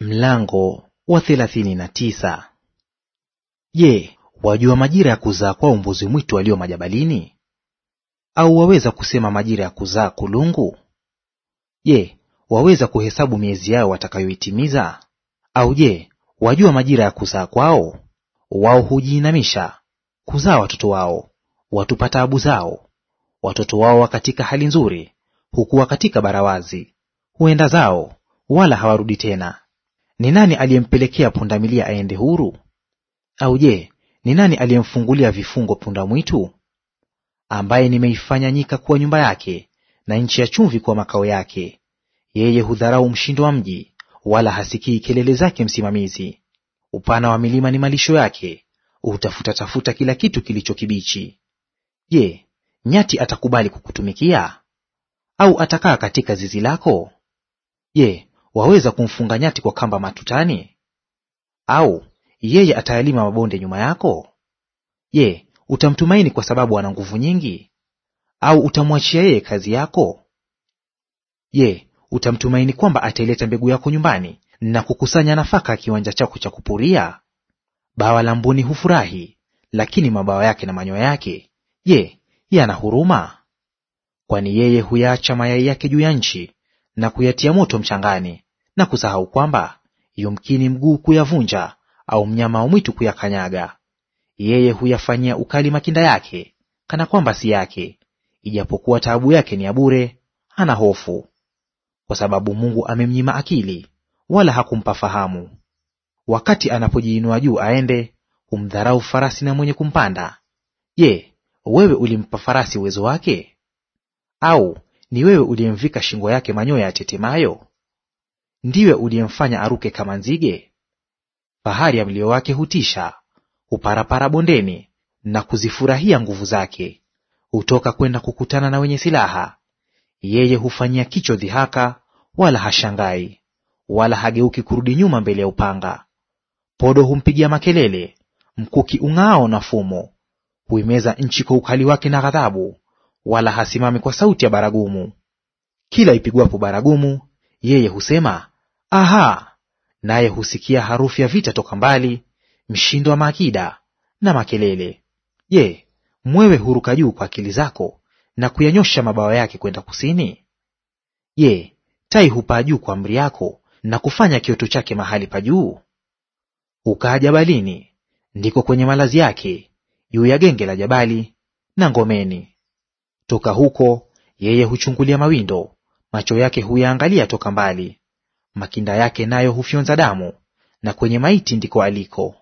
Mlango wa thelathini na tisa. Je, wajua majira ya kuzaa kwao mbuzi mwitu walio majabalini? Au waweza kusema majira ya kuzaa kulungu? Je, waweza kuhesabu miezi yao watakayoitimiza? Au je, wajua majira ya kuzaa kwao? Wao hujiinamisha kuzaa watoto wao, watupa taabu zao. Watoto wao wakatika hali nzuri, hukuwa katika barawazi, huenda zao, wala hawarudi tena ni nani aliyempelekea pundamilia aende huru? Au je, ni nani aliyemfungulia vifungo punda mwitu? Ambaye nimeifanya nyika kuwa nyumba yake na nchi ya chumvi kuwa makao yake. Yeye hudharau mshindo wa mji, wala hasikii kelele zake msimamizi. Upana wa milima ni malisho yake, hutafuta tafuta kila kitu kilicho kibichi. Je, nyati atakubali kukutumikia? Au atakaa katika zizi lako? Je, waweza kumfunga nyati kwa kamba matutani? Au yeye atayalima mabonde nyuma yako? Je, utamtumaini kwa sababu ana nguvu nyingi? Au utamwachia yeye kazi yako? Je, utamtumaini kwamba ataileta mbegu yako nyumbani na kukusanya nafaka ya kiwanja chako cha kupuria? Bawa la mbuni hufurahi, lakini mabawa yake na manyoya yake, je, yana huruma? Kwani yeye huyaacha mayai yake juu ya nchi na kuyatia moto mchangani, na kusahau kwamba yumkini mguu kuyavunja au mnyama wa mwitu kuyakanyaga. Yeye huyafanyia ukali makinda yake kana kwamba si yake, ijapokuwa taabu yake ni ya bure, hana hofu, kwa sababu Mungu amemnyima akili wala hakumpa fahamu. Wakati anapojiinua juu aende, humdharau farasi na mwenye kumpanda. Je, wewe ulimpa farasi uwezo wake? Au ni wewe uliyemvika shingo yake manyoya yatetemayo? Ndiwe uliyemfanya aruke kama nzige? Fahari ya mlio wake hutisha, huparapara bondeni na kuzifurahia nguvu zake. Hutoka kwenda kukutana na wenye silaha, yeye hufanyia kicho dhihaka, wala hashangai, wala hageuki kurudi nyuma mbele ya upanga. Podo humpigia makelele, mkuki ung'aao na fumo. Huimeza nchi kwa ukali wake na ghadhabu, wala hasimami kwa sauti ya baragumu. Kila ipigwapo baragumu, yeye husema Aha! Naye husikia harufu ya vita toka mbali, mshindo wa maakida na makelele. Je, mwewe huruka juu kwa akili zako na kuyanyosha mabawa yake kwenda kusini? Je, tai hupaa juu kwa amri yako na kufanya kioto chake mahali pa juu? Hukaa jabalini, ndiko kwenye malazi yake, juu ya genge la jabali na ngomeni. Toka huko yeye huchungulia mawindo, macho yake huyaangalia toka mbali makinda yake nayo hufyonza damu, na kwenye maiti ndiko aliko.